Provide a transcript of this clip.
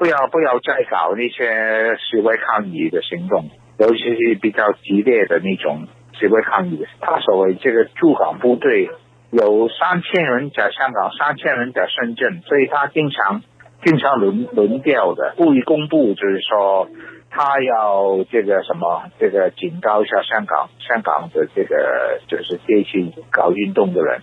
不要不要再搞那些示威抗議的行動，尤其是比較激烈的那種示威抗議。他所謂這個駐港部隊有三千人在香港，三千人在深圳，所以他經常經常輪輪調的。故意公布就是說他要這個什麼，這個警告一下香港，香港的這個就是接近搞運動的人。